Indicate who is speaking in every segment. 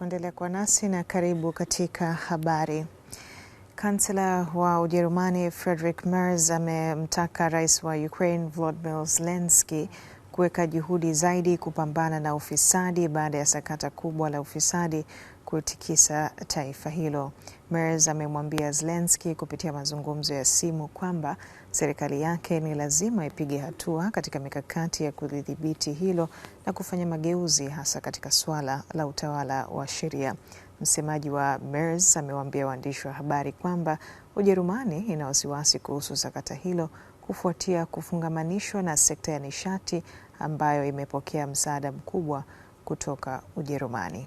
Speaker 1: kuendelea kuwa nasi na karibu katika habari. Kansela wa Ujerumani Friedrich Merz amemtaka rais wa Ukraine Volodymyr Zelensky kuweka juhudi zaidi kupambana na ufisadi baada ya sakata kubwa la ufisadi kutikisa taifa hilo. Merz amemwambia zelenski kupitia mazungumzo ya simu kwamba serikali yake ni lazima ipige hatua katika mikakati ya kulidhibiti hilo na kufanya mageuzi hasa katika suala la utawala wa sheria. Msemaji wa Merz amewaambia waandishi wa habari kwamba Ujerumani ina wasiwasi kuhusu sakata hilo kufuatia kufungamanishwa na sekta ya nishati ambayo imepokea msaada mkubwa kutoka Ujerumani.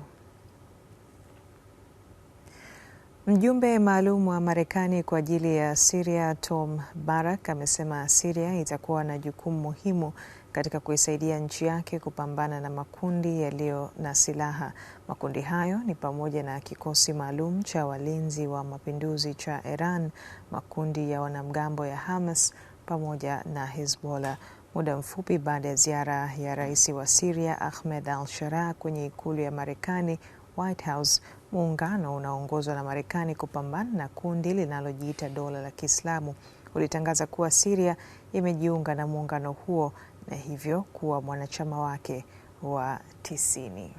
Speaker 1: Mjumbe maalum wa Marekani kwa ajili ya Syria Tom Barrack amesema Syria itakuwa na jukumu muhimu katika kuisaidia nchi yake kupambana na makundi yaliyo na silaha. Makundi hayo ni pamoja na kikosi maalum cha walinzi wa mapinduzi cha Iran, makundi ya wanamgambo ya Hamas pamoja na Hezbollah. Muda mfupi baada ya ziara ya Rais wa Syria Ahmed al-Sharaa kwenye ikulu ya Marekani White House muungano unaoongozwa na Marekani kupambana na kundi linalojiita dola la Kiislamu ulitangaza kuwa Syria imejiunga na muungano huo na hivyo kuwa mwanachama wake wa tisini.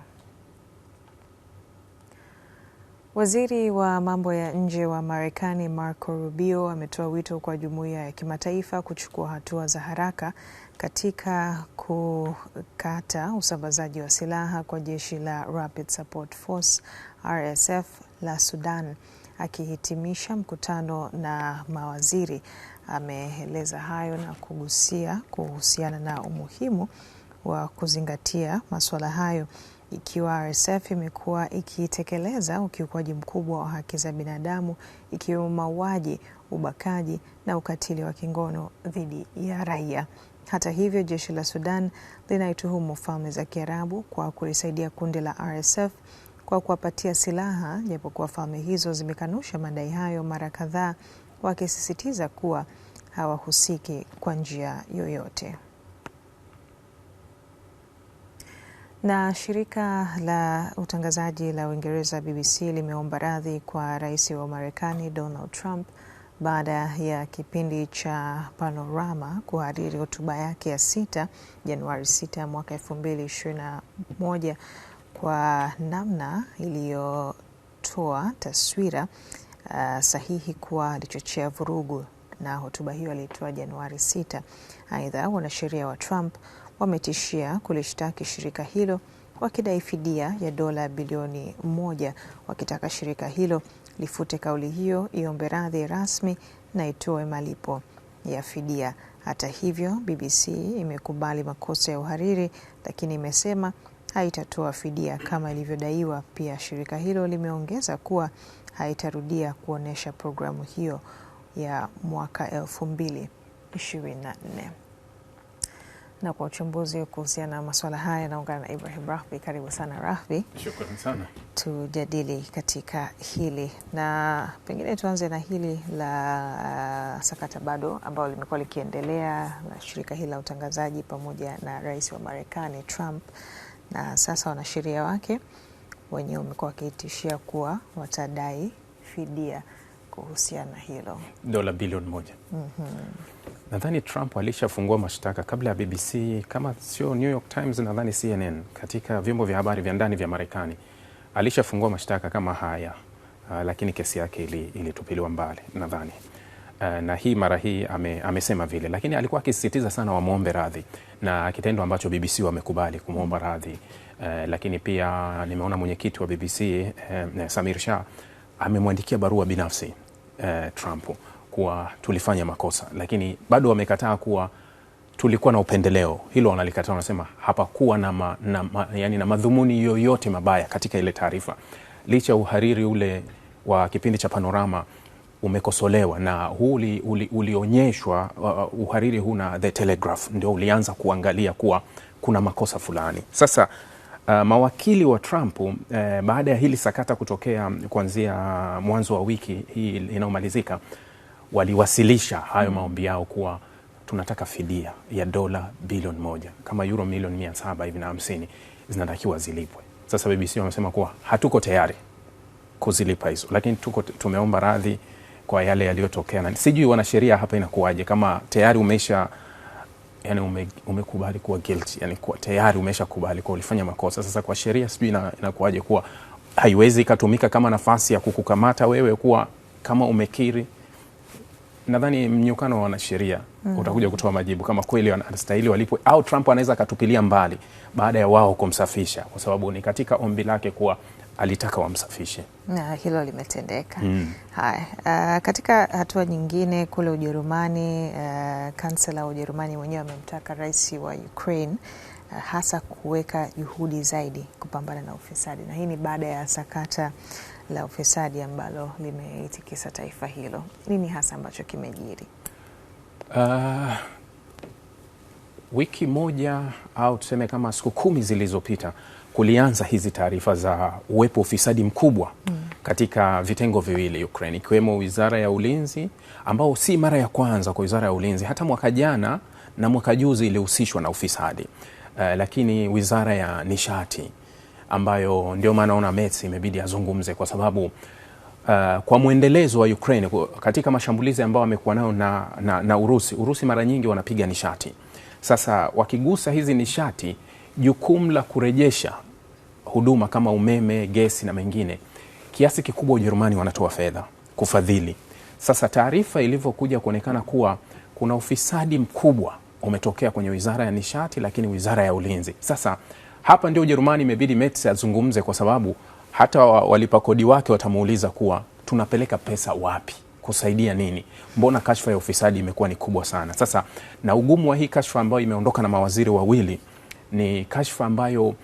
Speaker 1: Waziri wa mambo ya nje wa Marekani Marco Rubio ametoa wito kwa jumuiya ya kimataifa kuchukua hatua za haraka katika kukata usambazaji wa silaha kwa jeshi la Rapid Support Force RSF la Sudan. Akihitimisha mkutano na mawaziri, ameeleza hayo na kugusia kuhusiana na umuhimu wa kuzingatia masuala hayo, ikiwa RSF imekuwa ikitekeleza ukiukwaji mkubwa wa haki za binadamu ikiwemo mauaji, ubakaji na ukatili wa kingono dhidi ya raia. Hata hivyo, jeshi la Sudan linaituhumu Falme za Kiarabu kwa kulisaidia kundi la RSF kwa kuwapatia silaha, japokuwa falme hizo zimekanusha madai hayo mara kadhaa, wakisisitiza kuwa hawahusiki kwa njia yoyote. Na shirika la utangazaji la Uingereza BBC limeomba radhi kwa rais wa Marekani Donald Trump baada ya kipindi cha Panorama kuhariri hotuba yake ya sita Januari 6 mwaka 2021 kwa namna iliyotoa taswira uh, sahihi kuwa alichochea vurugu na hotuba hiyo aliitoa Januari 6. Aidha, wanasheria wa Trump wametishia kulishtaki shirika hilo wakidai fidia ya dola bilioni moja wakitaka shirika hilo lifute kauli hiyo, iombe radhi rasmi na itoe malipo ya fidia. Hata hivyo, BBC imekubali makosa ya uhariri, lakini imesema haitatoa fidia kama ilivyodaiwa. Pia shirika hilo limeongeza kuwa haitarudia kuonyesha programu hiyo ya mwaka elfu2ili ishirini nne na kwa uchambuzi kuhusiana na masuala haya, naungana na Ibrahim Rahbi. Karibu sana Rahbi.
Speaker 2: Shukrani sana.
Speaker 1: Tujadili katika hili na pengine tuanze na hili la uh, sakata bado ambalo limekuwa likiendelea na shirika hili la utangazaji pamoja na rais wa Marekani Trump, na sasa wanasheria wake wenyewe wamekuwa wakitishia kuwa watadai fidia kuhusiana na hilo
Speaker 2: dola bilioni moja. mm -hmm. Nadhani Trump alishafungua mashtaka kabla ya BBC kama sio New York Times, nadhani CNN, katika vyombo vya habari vya ndani vya Marekani alishafungua mashtaka kama haya uh, lakini kesi yake ilitupiliwa ili mbali nadhani uh, na hii mara hii ame, amesema vile, lakini alikuwa akisisitiza sana wamwombe radhi na kitendo ambacho BBC wamekubali kumwomba radhi uh, lakini pia nimeona mwenyekiti wa BBC uh, eh, Samir Shah amemwandikia barua binafsi eh, Trump kuwa tulifanya makosa, lakini bado wamekataa kuwa tulikuwa na upendeleo. Hilo wanalikataa, wanasema hapakuwa na, ma, na, ma, yani na madhumuni yoyote mabaya katika ile taarifa, licha ya uhariri ule wa kipindi cha Panorama umekosolewa na huu uli, ulionyeshwa uh, uhariri huu na The Telegraph ndio ulianza kuangalia kuwa kuna makosa fulani sasa Uh, mawakili wa Trump uh, baada ya hili sakata kutokea kuanzia mwanzo wa wiki hii inayomalizika waliwasilisha hayo mm. maombi yao kuwa tunataka fidia ya dola bilioni moja kama euro milioni mia saba hivi na hamsini zinatakiwa zilipwe. Sasa BBC wamesema kuwa hatuko tayari kuzilipa hizo, lakini tuko tumeomba radhi kwa yale yaliyotokea, na sijui wanasheria hapa inakuwaje kama tayari umeisha yani ume, umekubali kuwa guilty, yani kuwa tayari umeshakubali kwa ulifanya makosa. Sasa kwa sheria sijui inakuwaje kuwa haiwezi ikatumika kama nafasi ya kukukamata wewe kuwa kama umekiri. Nadhani mnyukano wa wanasheria mm utakuja kutoa majibu kama kweli anastahili walipwe au Trump anaweza akatupilia mbali baada ya wao kumsafisha, kwa sababu ni katika ombi lake kuwa alitaka wamsafishe
Speaker 1: na hilo limetendeka. mm. Haya, uh, katika hatua nyingine kule Ujerumani, uh, kansela wa Ujerumani mwenyewe amemtaka rais wa Ukraine uh, hasa kuweka juhudi zaidi kupambana na ufisadi, na hii ni baada ya sakata la ufisadi ambalo limeitikisa taifa hilo. Nini hasa ambacho kimejiri? uh,
Speaker 2: wiki moja au tuseme kama siku kumi zilizopita kulianza hizi taarifa za uwepo wa ufisadi mkubwa mm. katika vitengo viwili Ukraine, ikiwemo wizara ya ulinzi, ambao si mara ya kwanza kwa wizara ya ulinzi. Hata mwaka jana na mwaka juzi ilihusishwa na ufisadi uh, lakini wizara ya nishati ambayo ndio maana naona Mets imebidi azungumze kwa sababu Uh, kwa mwendelezo wa Ukraine katika mashambulizi ambayo amekuwa nayo na, na, na Urusi. Urusi mara nyingi wanapiga nishati. Sasa wakigusa hizi nishati, jukumu la kurejesha huduma kama umeme, gesi na mengine, kiasi kikubwa Ujerumani wanatoa fedha kufadhili. Sasa taarifa ilivyokuja kuonekana kuwa kuna ufisadi mkubwa umetokea kwenye wizara ya nishati, lakini wizara ya ulinzi. Sasa hapa ndio Ujerumani imebidi Metz azungumze, kwa sababu hata walipa kodi wake watamuuliza kuwa tunapeleka pesa wapi kusaidia nini? Mbona kashfa ya ufisadi imekuwa ni kubwa sana? Sasa na ugumu wa hii kashfa ambayo imeondoka na mawaziri wawili ni kashfa ambayo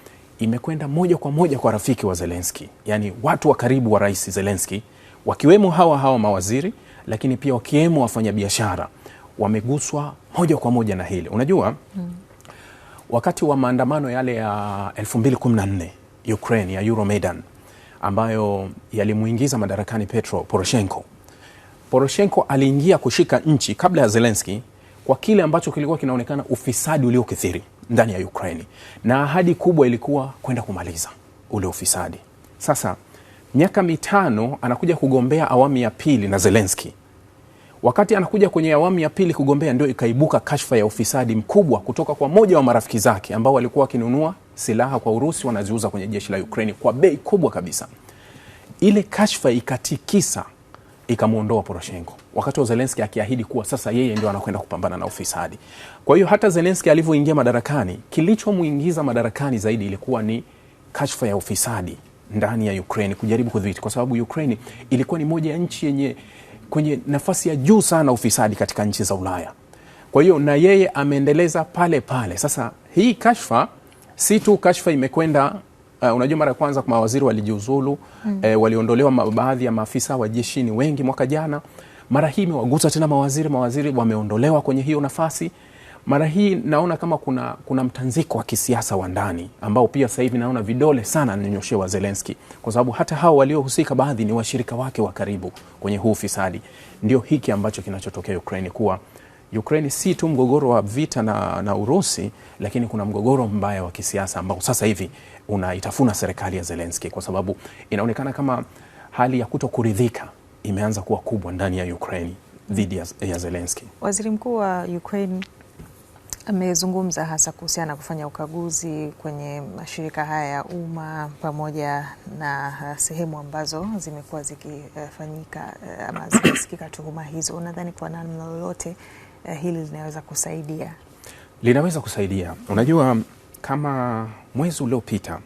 Speaker 2: imekwenda moja kwa moja kwa rafiki wa zelenski yaani watu wa karibu wa Rais zelenski wakiwemo hawa hawa mawaziri, lakini pia wakiwemo wafanyabiashara wameguswa moja kwa moja na hili. Unajua hmm. Wakati wa maandamano yale ya 2014 Ukraine ya Euromaidan ambayo yalimuingiza madarakani Petro Poroshenko. Poroshenko aliingia kushika nchi kabla ya zelenski kwa kile ambacho kilikuwa kinaonekana ufisadi uliokithiri ndani ya Ukraini, na ahadi kubwa ilikuwa kwenda kumaliza ule ufisadi. Sasa miaka mitano anakuja kugombea awamu ya pili na zelenski Wakati anakuja kwenye awamu ya pili kugombea, ndio ikaibuka kashfa ya ufisadi mkubwa kutoka kwa moja wa marafiki zake ambao walikuwa wakinunua silaha kwa Urusi, wanaziuza kwenye jeshi la Ukraini kwa bei kubwa kabisa. Ile kashfa ikatikisa, ikamwondoa Poroshenko wakati wa Zelenski akiahidi kuwa sasa yeye ndio anakwenda kupambana na ufisadi. Kwa hiyo hata Zelenski alivyoingia madarakani, kilichomuingiza madarakani zaidi ilikuwa ni kashfa ya ufisadi ndani ya Ukraine, kujaribu kudhibiti, kwa sababu Ukraine ilikuwa ni moja ya nchi yenye kwenye nafasi ya juu sana ufisadi katika nchi za Ulaya. Kwa hiyo na yeye ameendeleza pale pale. Sasa hii kashfa si tu kashfa imekwenda Uh, unajua mara ya kwanza kwa mawaziri walijiuzulu, mm. Eh, waliondolewa baadhi ya maafisa wa jeshini wengi mwaka jana. Mara hii imewagusa tena mawaziri, mawaziri wameondolewa kwenye hiyo nafasi. Mara hii naona kama kuna, kuna mtanziko wa kisiasa wa ndani ambao pia sasa hivi naona vidole sana nanyoshewa Zelenski, kwa sababu hata hao waliohusika baadhi ni washirika wake wa karibu kwenye huu ufisadi. Ndio hiki ambacho kinachotokea Ukraine, kuwa Ukraine si tu mgogoro wa vita na, na Urusi, lakini kuna mgogoro mbaya wa kisiasa ambao sasa hivi unaitafuna serikali ya Zelenski, kwa sababu inaonekana kama hali ya kutokuridhika imeanza kuwa kubwa ndani ya Ukraine dhidi ya, ya Zelensky.
Speaker 1: Waziri Mkuu wa Ukraine amezungumza hasa kuhusiana na kufanya ukaguzi kwenye mashirika haya ya umma pamoja na sehemu ambazo zimekuwa zikifanyika eh, ama zikisikika tuhuma hizo. Unadhani kwa namna lolote eh, hili linaweza kusaidia?
Speaker 2: Linaweza kusaidia. Unajua, kama mwezi uliopita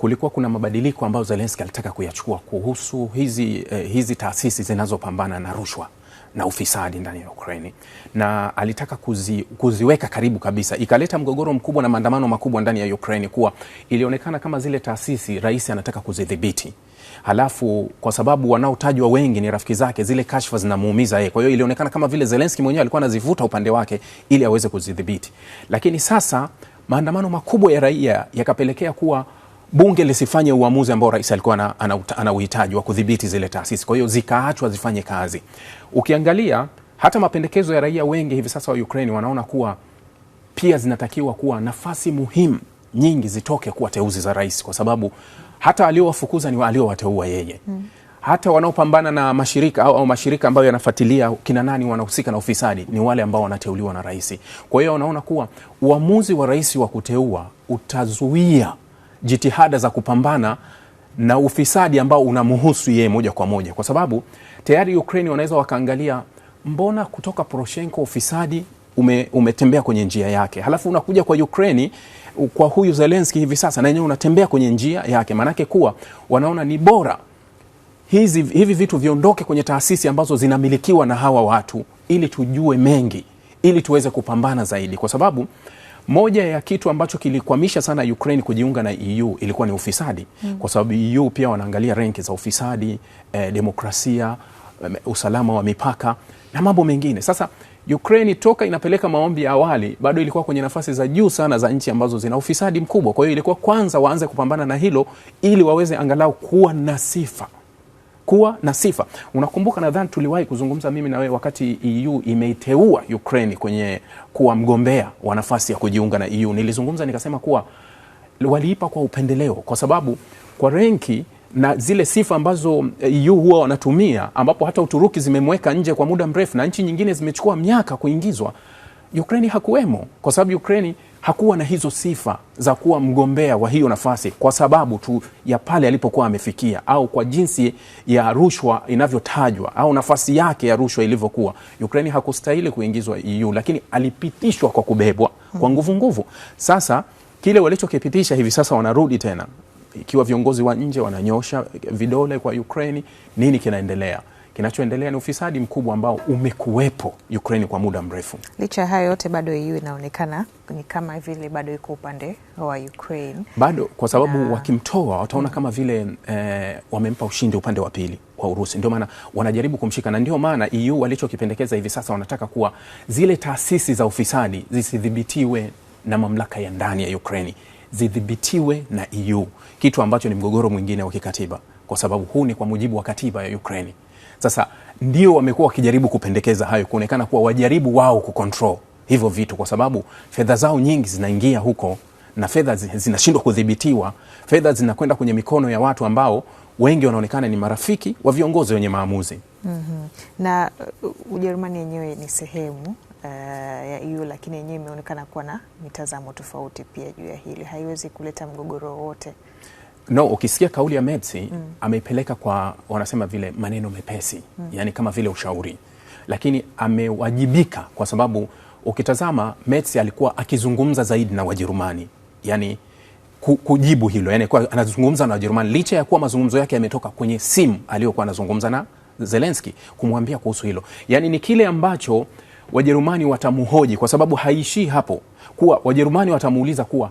Speaker 2: kulikuwa kuna mabadiliko ambayo Zelensky alitaka kuyachukua kuhusu hizi, eh, hizi taasisi zinazopambana na rushwa na ufisadi ndani ya Ukraini na alitaka kuzi, kuziweka karibu kabisa, ikaleta mgogoro mkubwa na maandamano makubwa ndani ya Ukraini, kuwa ilionekana kama zile taasisi rais anataka kuzidhibiti, halafu kwa sababu wanaotajwa wengi ni rafiki zake, zile kashfa zinamuumiza yeye. Kwa hiyo ilionekana kama vile Zelenski mwenyewe alikuwa anazivuta upande wake ili aweze kuzidhibiti, lakini sasa maandamano makubwa ya raia yakapelekea kuwa bunge lisifanye uamuzi ambao rais alikuwa ana uhitaji wa kudhibiti zile taasisi, kwa hiyo zikaachwa zifanye kazi. Ukiangalia hata mapendekezo ya raia wengi hivi sasa wa Ukraine wanaona kuwa pia zinatakiwa kuwa nafasi muhimu nyingi zitoke kuwa teuzi za rais, kwa sababu hata aliowafukuza ni aliowateua yeye hmm Hata wanaopambana na mashirika au, au mashirika ambayo yanafuatilia kina nani wanahusika na ufisadi ni wale ambao wanateuliwa na rais. Kwa hiyo wanaona kuwa uamuzi wa rais wa kuteua utazuia jitihada za kupambana na ufisadi ambao unamhusu yeye moja kwa moja, kwa sababu tayari Ukraine wanaweza wakaangalia, mbona kutoka Poroshenko ufisadi ume, umetembea kwenye njia yake, halafu unakuja kwa Ukraine kwa huyu zelenski hivi sasa na yenyewe unatembea kwenye njia yake. Maanake kuwa wanaona ni bora hizi, hivi vitu viondoke kwenye taasisi ambazo zinamilikiwa na hawa watu, ili tujue mengi, ili tuweze kupambana zaidi, kwa sababu moja ya kitu ambacho kilikwamisha sana Ukraine kujiunga na EU ilikuwa ni ufisadi mm. Kwa sababu EU pia wanaangalia renki za ufisadi eh, demokrasia eh, usalama wa mipaka na mambo mengine. Sasa Ukraine toka inapeleka maombi ya awali bado ilikuwa kwenye nafasi za juu sana za nchi ambazo zina ufisadi mkubwa. Kwa hiyo ilikuwa kwanza waanze kupambana na hilo ili waweze angalau kuwa na sifa kuwa na sifa. Unakumbuka, nadhani tuliwahi kuzungumza mimi na wewe wakati EU imeiteua Ukraine kwenye kuwa mgombea wa nafasi ya kujiunga na EU. Nilizungumza nikasema kuwa waliipa kwa upendeleo, kwa sababu kwa renki na zile sifa ambazo EU huwa wanatumia, ambapo hata Uturuki zimemweka nje kwa muda mrefu na nchi nyingine zimechukua miaka kuingizwa Ukraini hakuwemo, kwa sababu Ukraini hakuwa na hizo sifa za kuwa mgombea wa hiyo nafasi kwa sababu tu ya pale alipokuwa amefikia, au kwa jinsi ya rushwa inavyotajwa, au nafasi yake ya rushwa ilivyokuwa. Ukraini hakustahili kuingizwa EU, lakini alipitishwa kwa kubebwa kwa nguvu nguvu. Sasa kile walichokipitisha hivi sasa wanarudi tena, ikiwa viongozi wa nje wananyosha vidole kwa Ukraini, nini kinaendelea? Kinachoendelea ni ufisadi mkubwa ambao umekuwepo Ukraine kwa muda mrefu.
Speaker 1: Licha ya hayo yote, bado EU inaonekana ni kama vile bado iko upande wa Ukraine,
Speaker 2: bado kwa sababu na... wakimtoa wataona mm. kama vile eh, wamempa ushindi upande wa pili wa Urusi, ndio maana wanajaribu kumshika, na ndio maana EU walichokipendekeza hivi sasa wanataka kuwa zile taasisi za ufisadi zisidhibitiwe na mamlaka ya ndani ya Ukraine, zidhibitiwe na EU, kitu ambacho ni mgogoro mwingine wa kikatiba, kwa sababu huu ni kwa mujibu wa katiba ya Ukraine. Sasa ndio wamekuwa wakijaribu kupendekeza hayo, kuonekana kuwa wajaribu wao kucontrol hivyo vitu, kwa sababu fedha zao nyingi zinaingia huko na fedha zinashindwa kudhibitiwa. Fedha zinakwenda kwenye mikono ya watu ambao wengi wanaonekana ni marafiki wa viongozi wenye maamuzi. mm
Speaker 1: -hmm. Na uh, Ujerumani yenyewe ni sehemu uh, ya EU, lakini yenyewe imeonekana kuwa na mitazamo tofauti pia juu ya hili. Haiwezi kuleta mgogoro wowote
Speaker 2: No, ukisikia kauli ya metsi mm. ameipeleka kwa wanasema vile maneno mepesi mm. yani kama vile ushauri, lakini amewajibika kwa sababu ukitazama Messi alikuwa akizungumza zaidi na Wajerumani yani kujibu hilo yani, kwa anazungumza na Wajerumani licha ya kuwa mazungumzo yake yametoka kwenye simu aliyokuwa anazungumza na zelenski kumwambia kuhusu hilo, yani ni kile ambacho Wajerumani watamuhoji, kwa sababu haishii hapo, kuwa Wajerumani watamuuliza kuwa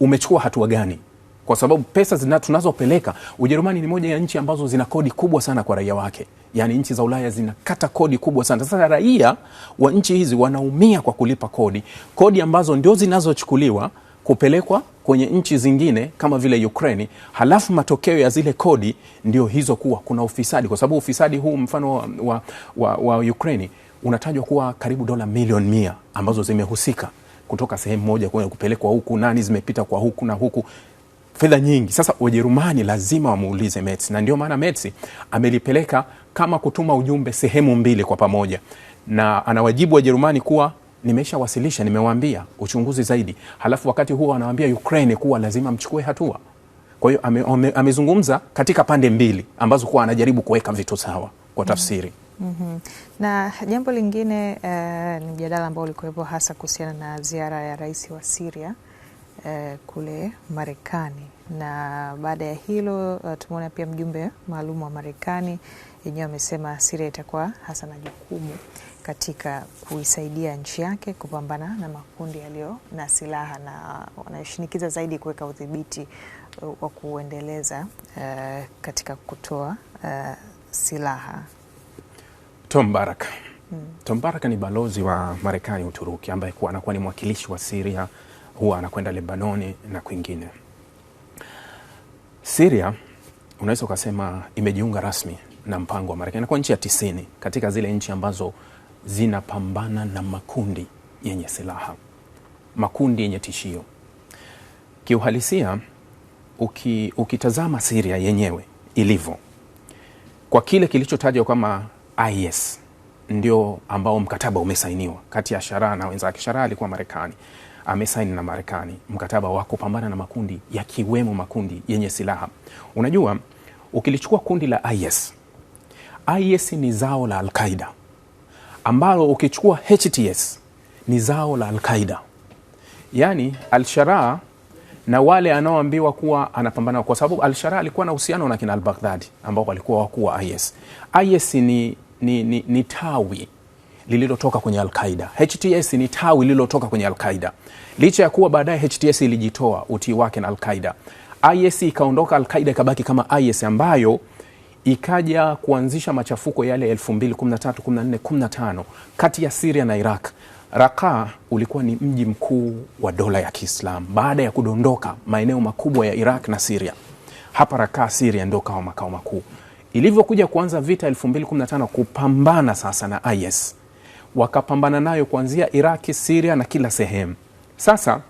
Speaker 2: umechukua hatua gani kwa sababu pesa zina, tunazopeleka Ujerumani ni moja ya nchi ambazo zina kodi kubwa sana kwa raia wake, yaani nchi za Ulaya zinakata kodi kubwa sana. Sasa raia wa nchi hizi wanaumia kwa kulipa kodi, kodi ambazo ndio zinazochukuliwa kupelekwa kwenye nchi zingine kama vile Ukraini, halafu matokeo ya zile kodi ndio hizo, kuwa kuna ufisadi, kwa sababu ufisadi huu mfano wa, wa, wa, wa Ukraini unatajwa kuwa karibu dola milioni mia ambazo zimehusika kutoka sehemu moja kupelekwa huku, nani zimepita kwa huku na huku fedha nyingi. Sasa Wajerumani lazima wamuulize Metz, na ndio maana Metz amelipeleka kama kutuma ujumbe sehemu mbili kwa pamoja, na anawajibu Wajerumani kuwa nimeshawasilisha, nimewaambia uchunguzi zaidi, halafu wakati huo anawaambia Ukraine kuwa lazima mchukue hatua. Kwa hiyo amezungumza ame, amezungumza katika pande mbili ambazo kuwa anajaribu kuweka vitu sawa kwa tafsiri mm -hmm.
Speaker 1: Na jambo lingine uh, ni mjadala ambao ulikuwepo hasa kuhusiana na ziara ya rais wa Syria eh, kule Marekani na baada ya hilo eh, tumeona pia mjumbe maalum wa Marekani yenyewe amesema Siria itakuwa hasa na jukumu katika kuisaidia nchi yake kupambana na makundi yaliyo na silaha na wanayoshinikiza zaidi kuweka udhibiti uh, wa kuendeleza uh, katika kutoa uh, silaha.
Speaker 2: Tom Baraka. Hmm. Tom ni balozi wa Marekani Uturuki, ambaye anakuwa ni mwakilishi wa Siria huwa anakwenda Lebanoni na kwingine. siria unaweza ukasema imejiunga rasmi na mpango wa Marekani kwa nchi ya tisini katika zile nchi ambazo zinapambana na makundi yenye silaha, makundi yenye tishio. Kiuhalisia uki, ukitazama siria yenyewe ilivyo kwa kile kilichotajwa kama IS ndio ambao mkataba umesainiwa kati ya Sharaa na wenzake. Sharaa alikuwa Marekani, amesaini na Marekani mkataba wa kupambana na makundi yakiwemo makundi yenye silaha. Unajua, ukilichukua kundi la IS, IS ni zao la Alqaida ambalo ukichukua HTS ni zao la Alqaida, yaani Alsharaa na wale anaoambiwa kuwa anapambana, kwa sababu Alsharaa alikuwa na uhusiano na kina Albaghdadi ambao walikuwa wakuu wa IS. IS ni, ni, ni, ni tawi lililotoka kwenye Alqaida. HTS ni tawi lililotoka kwenye Alqaida, licha ya kuwa baadaye HTS ilijitoa utii wake na Alqaida. IS ikaondoka, Alqaida ikabaki kama IS ambayo ikaja kuanzisha machafuko yale 2013, 14, 15 kati ya Siria na Iraq. Raqqa ulikuwa ni mji mkuu wa dola ya Kiislamu baada ya kudondoka maeneo makubwa ya Iraq na Siria. Hapa Raqqa Siria ndo kawa makao makuu. Ilivyokuja kuanza vita 2015 kupambana sasa na IS wakapambana nayo kuanzia Iraki, Siria na kila sehemu. Sasa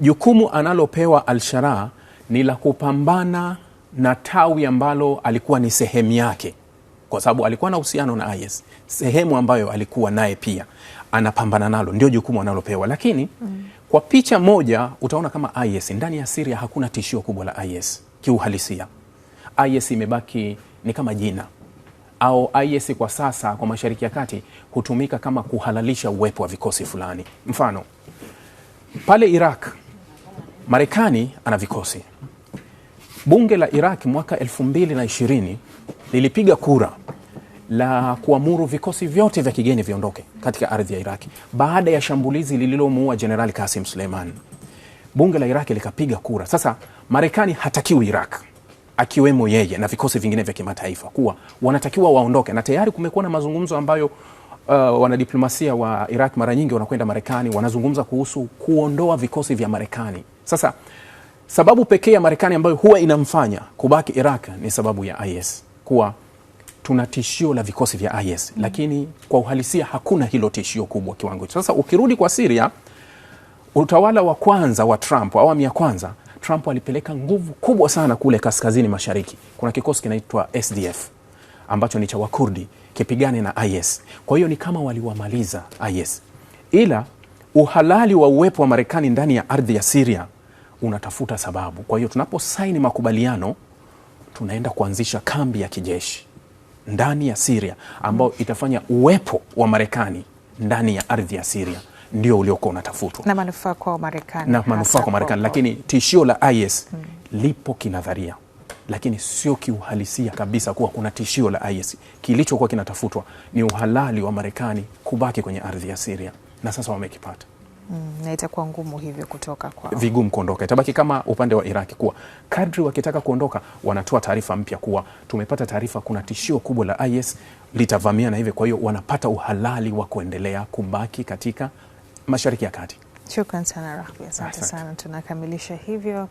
Speaker 2: jukumu analopewa alshara ni la kupambana na tawi ambalo alikuwa ni sehemu yake, kwa sababu alikuwa na uhusiano na IS, sehemu ambayo alikuwa naye pia anapambana nalo, ndio jukumu analopewa. Lakini mm, kwa picha moja utaona kama IS ndani ya siria hakuna tishio kubwa la IS kiuhalisia. IS imebaki ni kama jina au IS kwa sasa kwa Mashariki ya Kati hutumika kama kuhalalisha uwepo wa vikosi fulani. Mfano pale Iraq, Marekani ana vikosi. Bunge la Iraq mwaka 2020 lilipiga kura la kuamuru vikosi vyote vya kigeni viondoke katika ardhi ya iraq baada ya shambulizi lililomuua Jenerali Kasim Suleiman. Bunge la Iraq likapiga kura. Sasa Marekani hatakiwi Iraq akiwemo yeye na vikosi vingine vya kimataifa kuwa wanatakiwa waondoke, na tayari kumekuwa na mazungumzo ambayo uh, wanadiplomasia wa Iraq mara nyingi wanakwenda Marekani, wanazungumza kuhusu kuondoa vikosi vya Marekani. Sasa sababu pekee ya Marekani ambayo huwa inamfanya kubaki Iraq ni sababu ya IS, kuwa tuna tishio la vikosi vya IS mm Lakini kwa uhalisia hakuna hilo tishio kubwa kiwango. Sasa ukirudi kwa Syria, utawala wa kwanza wa Trump, awamu ya kwanza Trump alipeleka nguvu kubwa sana kule kaskazini mashariki. Kuna kikosi kinaitwa SDF ambacho ni cha Wakurdi kipigane na IS. Kwa hiyo ni kama waliwamaliza IS, ila uhalali wa uwepo wa Marekani ndani ya ardhi ya siria unatafuta sababu. Kwa hiyo tunaposaini makubaliano, tunaenda kuanzisha kambi ya kijeshi ndani ya siria ambayo itafanya uwepo wa Marekani ndani ya ardhi ya siria ndio uliokuwa unatafutwa
Speaker 1: na manufaa kwa Marekani,
Speaker 2: na manufaa kwa Marekani. Lakini tishio la IS hmm, lipo kinadharia, lakini sio kiuhalisia kabisa kuwa kuna tishio la IS. Kilichokuwa kinatafutwa ni uhalali wa Marekani kubaki kwenye ardhi ya Syria, na sasa wamekipata.
Speaker 1: Mm, na itakuwa ngumu hivyo kutoka kwa
Speaker 2: vigumu kuondoka. Itabaki kama upande wa Iraki kuwa kadri wakitaka kuondoka wanatoa taarifa mpya kuwa tumepata taarifa kuna tishio kubwa la IS litavamia na hivyo, kwa hiyo wanapata uhalali wa kuendelea kubaki katika Mashariki ya Kati.
Speaker 1: Shukran sana Rahbi, asante sana, tunakamilisha hivyo.